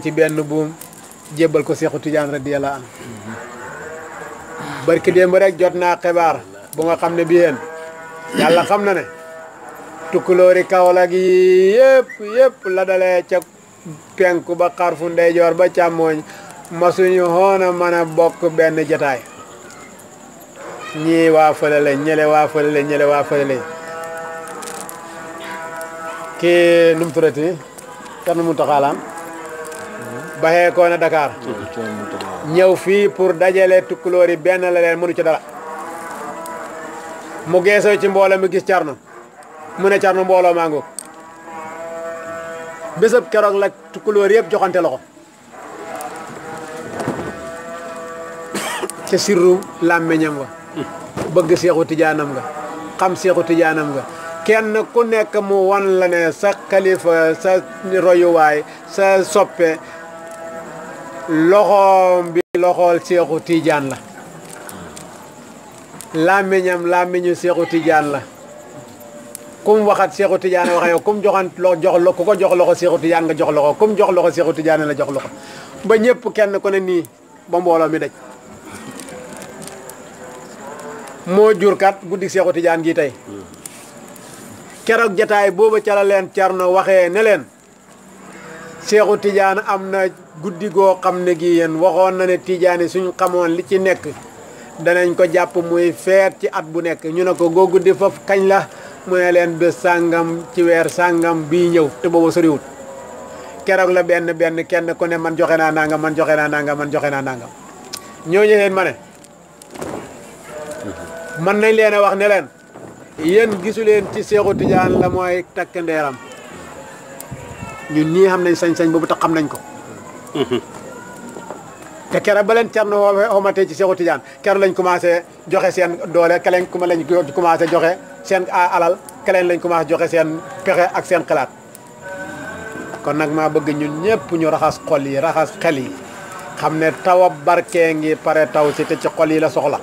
ci benn buum jébbal ko Seexu Tijaan radiyallaahu anhu barki démb rek jot naa xibaar bu nga xam ne bi yéen xam na ne tukkuloori Kaolack yi yëpp yëpp la dalee ca penk ba xarfu ndeyjoor ba càmmooñ masuñu xoona mën a bokk benn jataay ñii waa fële la ñële waa fële la ñële waa fële la mu baxee koona Dakar ñëw fii pour dajale tukkulóor yi benn la leen mënu ci dara mu geesoo ci mbooloo mi gis Thierno mu ne Thierno mboolo maa ngoog bésab keroog la tukkulóor yëpp joxante loxo ca sirru làmmiñam wa bëgg seexu tijaanam nga xam seexu tijaanam nga kenn ku nekk mu wan la ne sa xalifa sa royuwaay sa soppe loxoom bi loxool seexu tiijaan la làmmiñam làmmiñu seexu tiijaan la kum waxat seexu tiijaan wax yow kum joxan lo jox lo jox loxo seexu tiijaan nga jox loxo kum jox loxo seexu tiijaan la jox loxo ba ñëpp kenn ko ne nii ba mbooloo mi daj moo jur kat guddi seexu tiijaan gi tey keroog jataay booba ca la leen Cerno waxe ne leen Seexu tiijaan am na guddi goo xam ne gi yéen waxoon na ne Tijaani suñ xamoon li ci nekk danañ ko jàpp muy feet ci at bu nekk ñu ne ko goo guddi foofu kañ la mu ne leen bés sàngam ci weer sàngam bii ñëw te booba soriwut keroog la benn benn kenn ku ne man joxe naa nangam man joxe naa nangam man joxe naa nangam ñooñu leen ma ne mën nañ leen wax ne leen yéen gisuleen ci Seexu Tijaan la mooy takk ndeeram ñun ñii xam nañ sañ-sañ bu tax xam nañ ko. te kere ba leen Thierno xoomatee ci Cheikhou Tidiane keroog lañ commencé joxe seen doole keleen kuma lañ commencé joxe seen alal keleen lañ commencé joxe seen pexe ak seen xalaat kon nag ma bëgg ñun ñëpp ñu raxas xol yi raxas xel yi xam ne taw a barkee ngi pare taw si te ci xol yi la soxla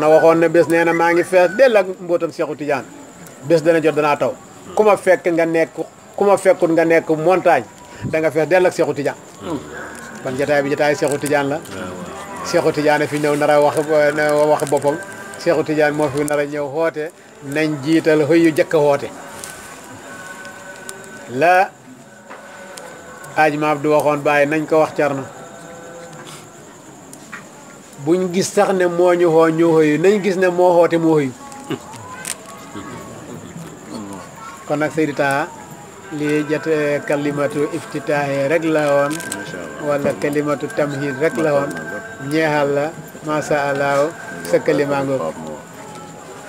na waxoon ne bés nee na maa ngi fees dell ak mbootam Cheikhou Tidiane bés dana jot danaa taw ku fekk nga nekk. ku ma fekkut nga nekk montagne danga nga dell ak Cheikhou Tidiane. kon jotaay bi jotaay Cheikhou Tidiane la. Cheikhou Tidiane fi ñëw nar wax eh, wax boppam Cheikhou Tidiane moo fi nar a ñëw xoote nañ jiital xëy yu njëkk a xoote. la aaj ma Abdou waxoon bàyyi nañ ko wax Thierno buñ gis sax ne moo ñu xoo ñu xëyu nañ gis ne moo xoote moo xëyu kon nag Seydou Taha. li jotee eh, kalimatu iftitaahi rek la woon wala kalimatu tamhid rek la woon ñeexal la macha allah sa kalima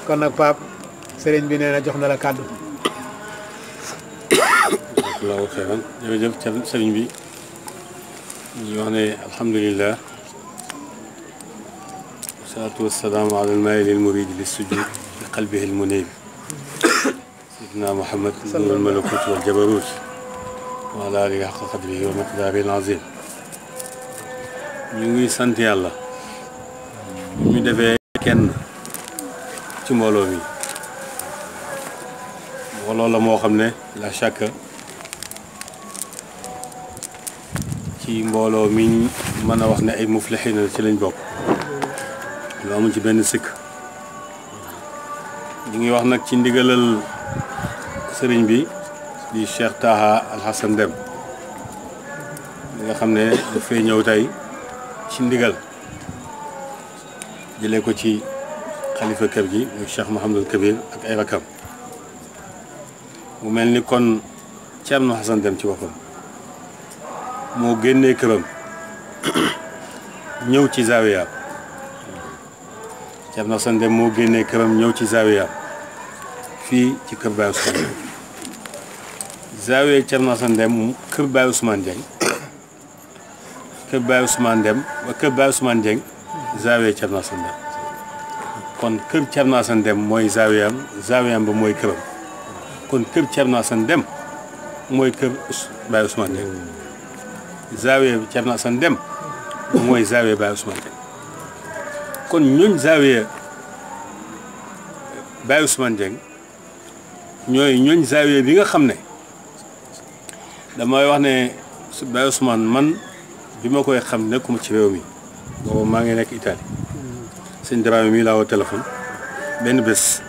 kon nag Pape sëriñ bi nee jox na la kàddu. waaw xeeran jërëjëf sëriñ bi ñu wax ne alhamdulilah wasalaatu wasalaamu ala almaayil almuriid li sujud li qalbihi almunib سيدنا محمد نور ma والجبروت وعلى آله حق قدره ومقداره العظيم ñu ngi sant yàlla ñu defee kenn ci mbooloo mi mbooloo la moo xam ne la chaque ci mbooloo mi mën a wax ne ay muflixin la ci lañ bokk lu amul ci benn sikk ñu ngi wax nag ci ndigalal sëriñ bi di Cheikh Taha Alhassan Deme li nga xam ne dafay ñëw tey ci ndigal jëlee ko ci xalifa kër gi muy Cheikh Mouhamadul Kabir ak ay rakam mu mel ni kon Thierno Hassan Deme ci boppam moo génnee këram ñëw ci zawiyaam Thierno Hassan Deme moo génnee këram ñëw ci zawiyaam fii ci kër Baye Soxna Zawiya Thierno Assane Deme mu kër Baye Ousmane Dieng kër Baye Ousmane Deme kër Baye Ousmane Dieng Zawiya mooy Zawiyam Zawiyam ba mooy këram kon kër Thierno mooy kër Baye Ousmane Dieng Zawiya mooy Zawiya Baye Ousmane kon ñooñ Zawiya Baye Ousmane ñooy ñooñ Zawiya bi nga xam ne damay wax ne Baye Ousmane man bi ma koy xam nekkuma ci réew mi boobu maa ngi nekk Italie sëñ Dramé mii laa woo téléphone benn bés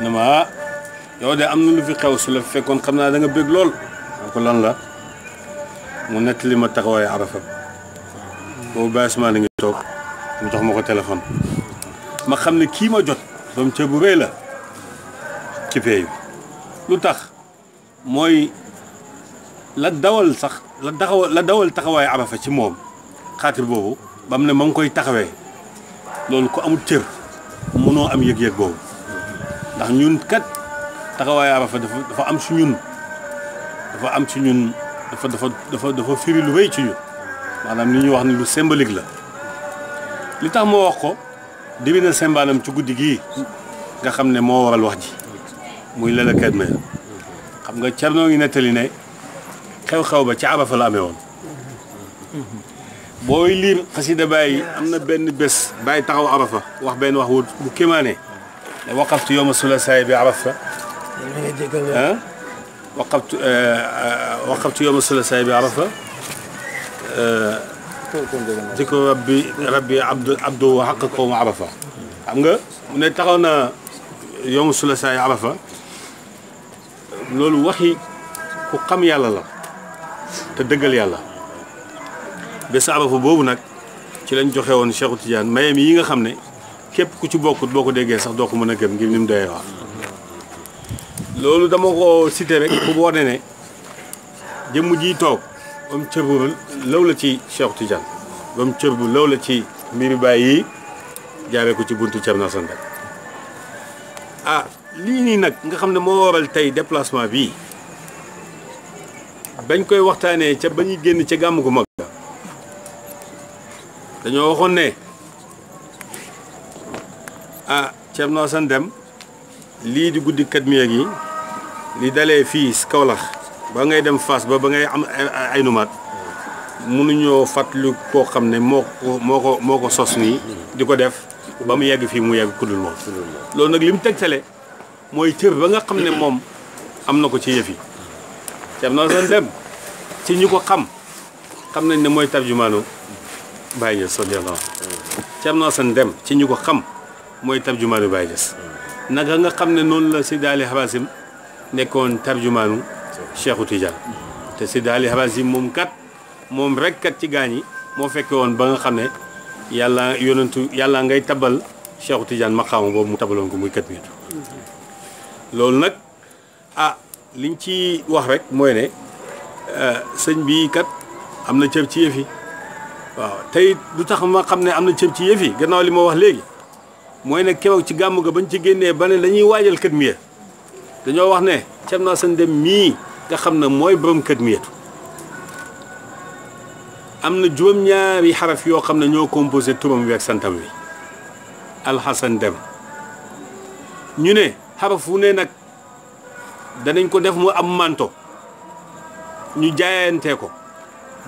ne ma ah de am na lu fi xew su la fekkoon xam naa danga nga bëgg lool ma ko lan la mu nettali ma taxawaay Arafa boobu Baye Ousmane a ngi toog mu jox ma ko téléphone ma xam ne kii ma jot doom ca bu rëy la ci pay lu tax mooy la dawal sax la taxaw la dawal taxawaayu Arafa ci moom xaatir boobu ba ne ma ngi koy taxawee loolu ku amul cër mënoo am yëg-yëg boobu ndax ñun kat taxawaayu Arafa dafa dafa am si ñun dafa am si ñun dafa dafa dafa dafa firi lu rëy ci ñun maanaam li ñuy wax ni lu symbolique la li tax moo wax ko dibi na sembaanam ci guddi gii nga xam ne moo waral wax ji muy lële kat xam nga Thierno ngi nettali ne. xew-xew ba ci abafa la amee woon booy liir xasida bàyyi am na benn bés bàyyi taxaw abafa wax benn wax bu kéemaane ne waqaftu yowma sulasaay bi abafa waqaftu eh, eh, waqaftu yowma sulasaay bi abafa jikko eh, rabbi rabbi abdu abdu xaq ko ma abafa xam nga mu ne taxaw na yowma sulasaay abafa loolu waxi ku xam yàlla la te dëggal yàlla bés abafa boobu nag ci lañ joxe woon Cheikhu Tidiane mayam yi nga xam ne képp ku ci bokkut boo ko déggee sax doo ko mën a gëm ngir ni mu doyee wax loolu dama ko cité rek bu boone ne jëmm ji toog ba mu cër bu law la ci Cheikhu Tidiane ba cër bu law la ci mbiri baay yi jaaree ko ci buntu Thierno Sane ah lii nii nag nga xam ne moo waral tey déplacement bii bañ koy waxtaanee ca bañ génn ca gàmm gu mag dañoo waxoon ne ah Thierno Assane lii di guddi Katmiya gi li dalee fii Kaolack ba ngay dem fas ba ba ngay am ay numaat mënuñoo fàttali koo xam ne moo ko moo ko sos nii di ko def ba mu yegg fii mu yàgg kuddul moom loolu nag li mu tegtale mooy cër ba nga xam ne moom am na ko ci yëf yi Thierno Assane Dème ci ñu ko xam xam nañ ne mooy tarjumaanu Baye Niass radiyallahu Thierno Assane Dème ci ñu ko xam mooy tarjumaanu Baye Niass naka nga xam ne noonu la Seydi Ali Habasim nekkoon tarjumaanu Cheikhou Tidiane te Seydi Ali Habasim moom kat moom rek kat ci gaañ yi moo fekkee woon ba nga xam ne yàlla yonentu yàlla ngay tabal Cheikhou ma maqaama boobu mu tabaloon ko muy kat miitu loolu nag ah, ñu ci wax rek mooy ne euh, sëñ bii kat am na cër ci yëf yi waaw tey du tax ma xam ne am na cër ci yëf yi gannaaw li ma wax léegi mooy ne keroog ci gàmm ga bañ ci génnee ba ne dañuy waajal kët miya dañoo wax ne ceeb na sëñ dem mii nga xam na mooy borom kët miyatu am na juróom-ñaari xaraf yoo xam ne ñoo composé turam wi santam wi alxasan dem ñu ne xaraf wu ne nag danañ ko def mu am manto ñu jaayante ko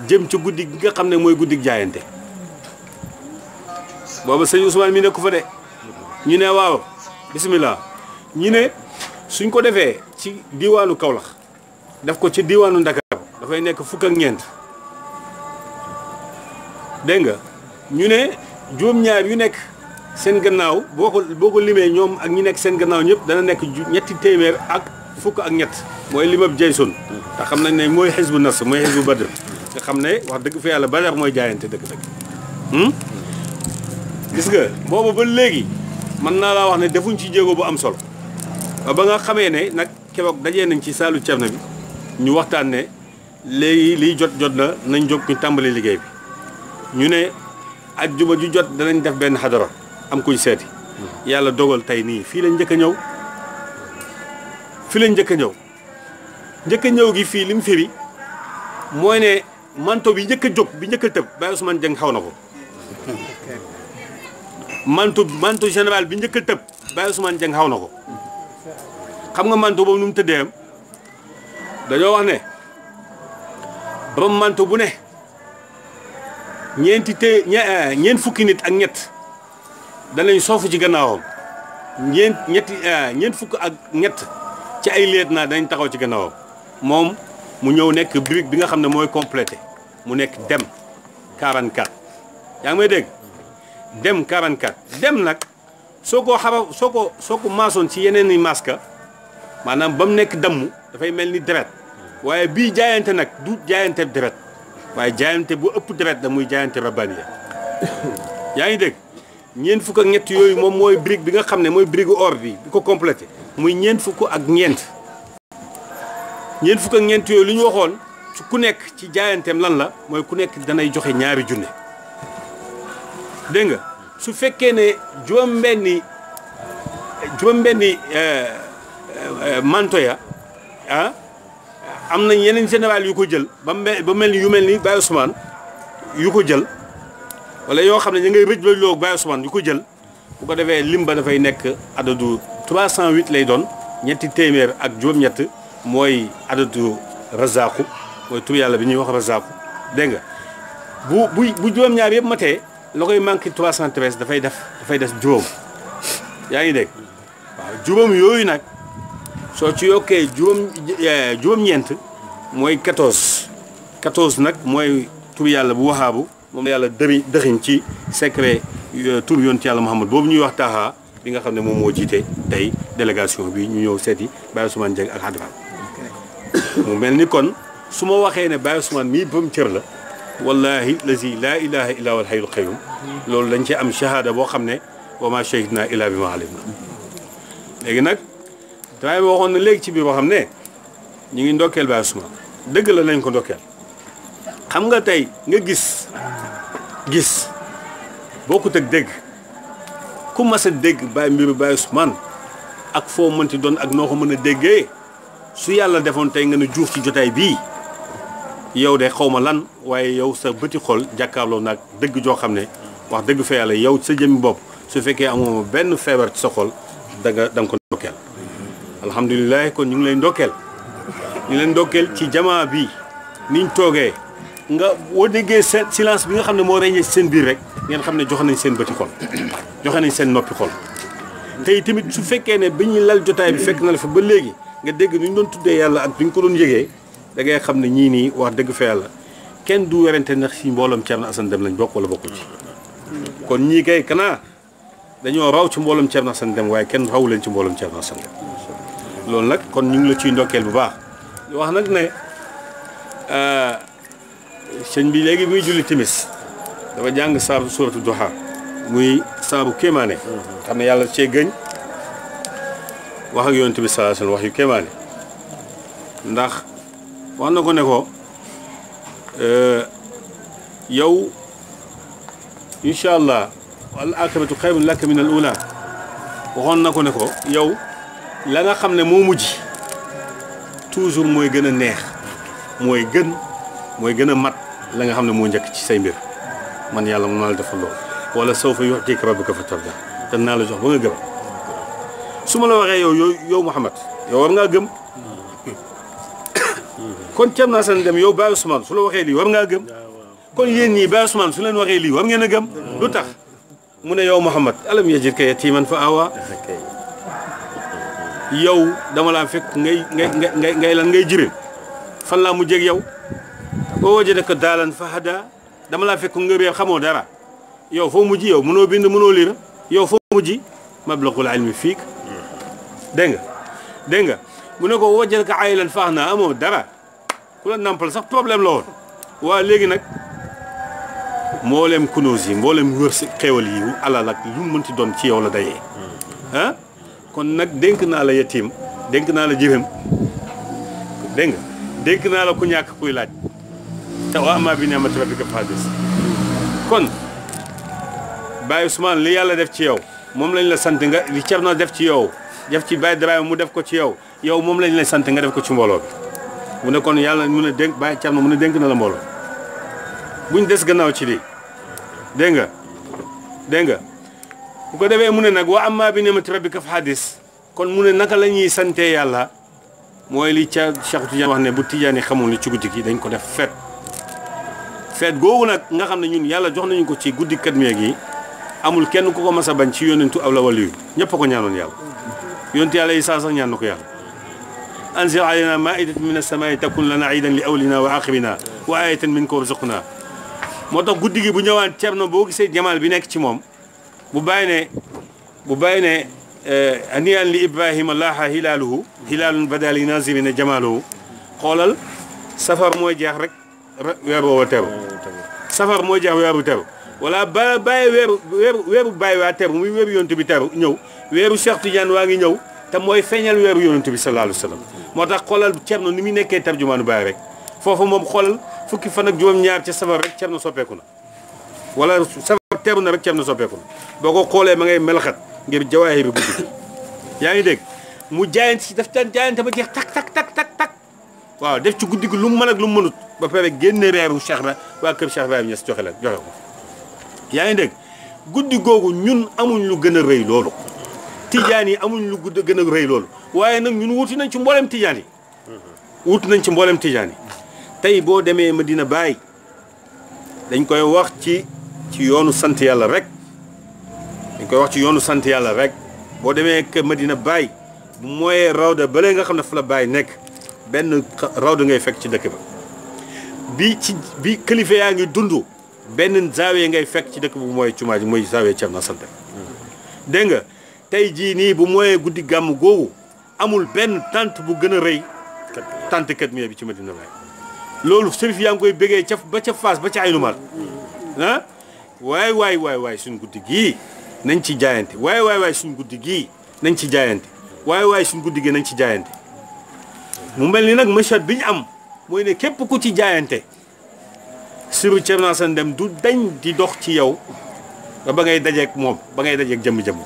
jëm ci guddi gi nga xam ne mooy guddi jaayante booba sëñ Ousmane mi nekku fa de ñu ne waaw bisimilah ñu ne suñ ko defee ci diwaanu kawlax def ko ci diwaanu Ndakaaru dafay nekk fukk ak ñeent dégg nga ñu ne juróom-ñaar yu nekk seen gannaaw boo ko boo ko limee ñoom ak ñu nekk seen gannaaw ñëpp dana nekk ñetti téeméer ak fukk ak ñett mooy limab Jaysun te xam nañ ne mooy xisbu nas mooy xisbu badr nga xam ne wax dëgg fi yàlla badar mooy jaayante dëgg-dëgg hmm? gis nga boobu ba léegi mën naa laa wax ne defuñ ci jéego bu am solo ba nga xamee ne nag keroog dajee nañ ci saalu cerno bi ñu waxtaan ne léegi liy jot jot na nañ jóg ñu tàmbali liggéey bi ñu ne ajjuma ju jot danañ def benn xadara am kuñ seeti hmm. yàlla dogal tey nii fii lañ njëkk a ñëw fi lañ njëkk a ñëw njëkk a ñëw gi fii lim mu firi mooy ne manto bi njëkk a jóg bi njëkk a tëb Baye Ousmane Dieng xaw na ko manto manto général bi njëkk a tëb Baye Ousmane Dieng xaw na ko xam nga manto boobu nu mu tëddee am dañoo wax ne borom manto bu ne ñeenti té eh, ñeent fukki nit ak ñett danañ soofu ci gannaawam ñeent ñetti eh, fukk ak ñett ci ay leet naa dañ taxaw ci gannaawam moom mu ñëw nekk brique bi nga xam ne mooy complété mu nekk dem 44 yaa ngi may dégg dem 44 dem nag soo ko xaba soo ko soo ko maasoon ci yeneen i masque maanaam ba mu nekk damm dafay mel ni deret waaye bii jaayante nag du jaayante deret waaye jaayante bu ëpp deret da muy jaayante rabbaaniya yaa ngi dégg ñeent fukk ak ñett yooyu moom mooy brique bi nga xam ne mooy brique or bi bi ko complété muy ñeent fukk ak ñeent ñeent fukk ak ñeent yooyu li ñu waxoon ci ku nekk ci jaayanteem lan la mooy ku nekk danay joxe ñaari junne dégg nga su fekkee ne juróom-benni juróom-benni euh, euh, euh, manto ya ah am na ñeneen général yu ko jël ba mel ni yu mel ni Baye Ousmane yu ko jël wala yoo xam ne ñu ngay rëj la loog Baye Ousmane ñu ko jël bu ko defee lim ba dafay nekk adadu 308 lay doon ñetti téeméer ak juróom-ñett mooy adadu razaaku mooy tur yàlla bi ñuy wax razaaku dégg nga bu bu bu juróom-ñaar yëpp matee la koy manqué 313 dafay def dafay des juróom yaa ngi dégg yooyu nag soo ci yokkee juróom eh, juróom mooy 14 14 nag mooy tur yàlla bu waxaabu moom yàlla dëri dëxiñ ci secret euh, tur yoon ci yàlla Muhammad boobu ñuy wax taaxaa bi nga xam ne moom moo jiite tey délégation bi ñu ñëw seeti Baye Ousmane Dieng ak Hadj mel ni kon su ma waxee ne Baye Ousmane mii bam cër la wallahi lazi la ilaha illa wal hayyul qayyum loolu dañ ci am shahada boo xam ne wa ma shahidna illa bi ma alim na léegi nag damay waxoon na léegi ci biir boo xam ne ñu ngi ndokkeel Baye Ousmane dëgg la nañ ko ndokkeel xam nga tey nga gis gis boo ko ak dégg ku mas dégg bàyyi mbiru bàyyi Ousmane ak foo mënti doon ak noo ko mën a déggee su yàlla defoon tey nga ne juuf ci jotaay bii yow de xaw ma lan waaye yow sa bëti xol jàkkaarloo nag dëgg joo xam ne wax dëgg fa yàlla yow sa jëmmi bopp su fekkee amoo benn feebar ci sa xol da nga ko ndokkeel alhamdulilah kon ñu ngi lay ndokkeel ñu leen ndokkeel ci jamaa bi niñ toogee nga boo déggee seen silence bi nga xam ne moo rëññee si seen biir rek ngeen xam ne joxe nañ seen bëti xol joxe nañ seen noppi xol. tey tamit su fekkee ne bi ñuy lal jotaay bi fekk na la fa ba léegi nga dégg nu ñu doon tuddee yàlla ak bi ñu ko doon yëgee da ngay xam ne ñii nii wax dëgg fa yàlla kenn du werante ndax si mbooloom Thierno Assane Deme lañ bokk wala bokku ci. kon ñii kay kanaa dañoo raw ci mbooloom Thierno Assane Deme waaye kenn rawu leen ci mbooloom Thierno Assane Deme loolu nag kon ñu ngi la ci ndokkeel bu baax wax nag ne. Euh, sëñ bi léegi muy julli timis dafa jàng saabu suuratu duha muy saabu kéemaane xam ne yàlla cee gëñ wax ak yonent bi sallallahu alayhi wasallam wax yu kéemaane ndax wax na ko ne ko e, yow incha allah al akibatu xayrun laka min al ko yow la nga xam ne moo mujj toujours mooy gën a neex mooy gën mooy gën a mat la nga xam ne moo njëkk ci say mbir man yàlla mën naa la defal loolu wala saw fa yox jékk rabbuka fa tarda te naa la jox ba nga gëm su ma la waxee yow yow yow Mouhamad yow war ngaa gëm kon ceeb naa seen dem yow Baye Ousmane su la waxee lii war ngaa gëm kon yéen ñii Baye su leen waxee lii war ngeen a gëm lu tax mu ne yow Mouhamad alam yajidka yatiiman fa awa yow dama laa fekk ngay ngay ngay ngay lan fan laa mu ak yow boo wajadaka daalan fa hada dama laa fekk nga réer xamoo dara yow foo mujj yow mënoo bind mënoo liir yow foo mujj mablagul ilmi fiik dégg nga dégg nga mu ne ko wajadaka aayilan fa aghnaa amoo dara ku la nampal sax problème la woon waa léegi nag mboolem kunuus yi mboolem wër si xéewal yi alal ak lu mënti doon ci yow la dayee ah kon nag dénk naa la yatiim dénk naa la jëfam dégg nga dénk naa la ku ñàkk kuy laaj te wa amma bi ni'mati rabbika fa hadis kon Baye Ousmane li yàlla def ci yow moom lañ la sant nga li Thierno def ci yow def ci Baye Dramé mu def ko ci yow yow moom lañ la sant nga def ko ci mbooloo bi mu ne kon yàlla mu ne dénk Baye mu ne dénk la mbooloo buñ des gannaaw ci lii dégg nga dégg nga bu ko defee mu ne nag wa amma bi ni'mati rabbika fa hadis kon mu ne naka la ñuy sante yàlla mooy li ca Cheikh Tidiane wax ne bu Tidiane xamul ne ci guddi gi dañ ko def fet feet googu nag nga xam ne ñun yàlla jox nañu ko ci guddi katmiya gi amul kenn ku ko mas a bañ ci yónnentu aw la wala yu ñëpp a ko ñaanoon yàlla yónnentu yàlla yi saa sax ñaan na ko yàlla anzil alayna maidatan min as-samaa'i takun lana iidan li awlina wa aaxirina wa ayatan minka warzuqna moo tax guddi gi bu ñëwaan Cerno boo gisee jamaal bi nekk ci moom bu bàyyi ne bu bàyyi ne eh, aniyaan li ibrahima laaha hilaaluhu hilaalun badali nazirina jamaaluhu xoolal safar mooy jeex rek weer woowa teru safar mooy jeex weeru teru wala ba bàyyi weeru weeru weeru waa teru muy weeru yonent bi teru ñëw weeru Cheikh Tidiane waa ngi ñëw te mooy feeñal weeru yonent bi sallallahu alayhi moo tax xoolal Cerno ni muy nekkee tarjumaanu Baay rek foofu moom xoolal fukki fan ak juróom-ñaar ca safar rek Cerno soppeeku na wala safar teru na rek Cerno soppeeku na boo ko xoolee ma ngay melxat ngir jawaahir bi guddi yaa ngi dégg mu jaayante si daf daan jaayante ba jeex tak tak waaw def ci guddi gi lu mu mën ak lu mu ba pare génn reeru Cheikh Ba waa kër Cheikh ña si joxe la joxe ko yaa ngi dégg guddi googu ñun amuñ lu gën a rëy loolu tijaan yi amuñ lu gudd gën a rëy loolu waaye nag ñun wuti nañ ci mboolem tijaan yi wuti nañ ci mboolem tijaan yi tey boo demee ma dina bàyyi dañ koy wax ci ci yoonu sant yàlla rek dañ koy wax ci yoonu sant yàlla rek boo demee kër Medina Baye bu mooyee rawda bële nga xam ne fa la Baye nekk benn rawdu ngay fekk ci dëkk ba bi ci bi kilifa yaa ngi dund benn zaawee ngay fekk ci dëkk bu mooy cumaa ji mooy zaawee ceeb na sant dégg nga tey jii nii bu mooyee guddi gàmm googu amul benn tante bu gën a rëy tante kat mi bi ci Medina Baye loolu sërif yaa ngi koy bégee ca ba ca Fass ba ca ay numaat ah? waay waay waay waay suñ guddi gii nañ ci jaayante waay waay waay suñ guddi gii nañ ci jaayante waay waay suñ guddi gii nañ ci jaayante mu mel ni nag machad bi ñu am mooy ne képp ku ci jaayante siru Thierno Assane Deme du dañ di dox ci yow ba ba ngay dajeek moom ba ngay dajeeg jëmm-jëmm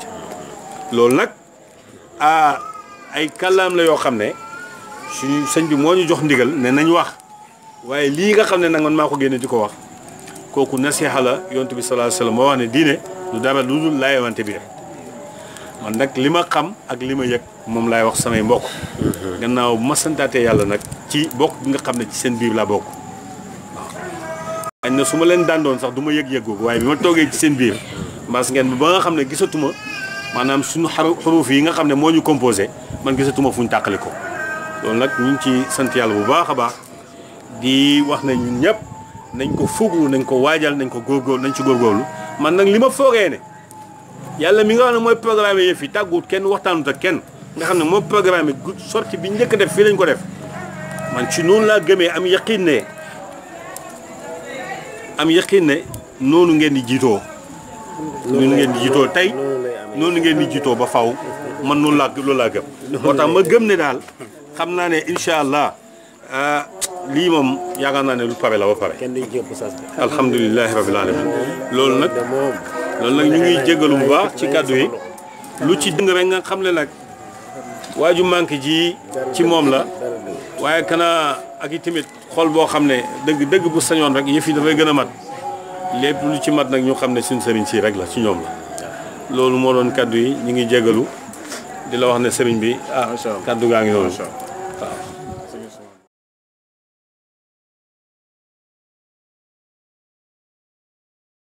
loolu nag ah ay kàllaam la yoo xam ne suñu sëñ bi moo ñu jox ndigal ne nañ wax waaye lii nga xam ne nag man maa ko génne di ko wax kooku na la yontu bi sallallahu alayhi moo wax ne diine du dara lu dul laayewante bi rek man nag li ma xam ak li ma yëg moom lay wax samay mbokk. Mhm. gannaaw bu ma santaatee yàlla nag ci bokk bi nga xam ne ci seen biir laa bokk. waaw. na su ma leen dàndoon sax du ma yëg-yëg googu waaye bi ma toogee ci seen biir. mbaas ngeen bi ba nga xam ne gisatuma maanaam suñu xaru xuruuf yi nga xam ne moo ñu composé man gisatuma fu ñu tàqale ko loolu nag ñu ci sant yàlla bu baax a baax di wax ne ñun ñëpp nañ ko fuglu nañ ko waajal nañ ko góor góor nañ ci góorgóorlu man nag li ma foogee ne yàlla mi nga xam ne mooy programme kenn waxtaanut ak kenn. nga xam ne moo programme bi sorti bi njëkk def fii lañ ko def man ci noonu laa gëmee am yaqiin ne am yaqiin ne noonu ngeen di jiitoo noonu ngeen jiitoo tey noonu ngeen di jiitoo ba faw man noonu laa loolu laa gëm moo tax ma gëm ne daal xam naa ne incha allah ah, lii moom yaakaar naa ne lu pare la ba pare alhamdulilahi rabbil alamin loolu nag loolu nag ñu ngi jégalu bu baax ci kàddu yi lu ci dëng rek nga xam ne nag waaju manque ji ci moom la waaye kana ak i tamit xool boo xam ne dëgg dëgg bu sañoon rek yëf yi dafay gën a mat lépp lu ci mat nag ñu xam ne suñ sëriñ si rek la ci ñoom la loolu moo doon kaddu yi ñu ngi jégalu di la wax ne sëriñ bi ah kaddu gaa ngi noonu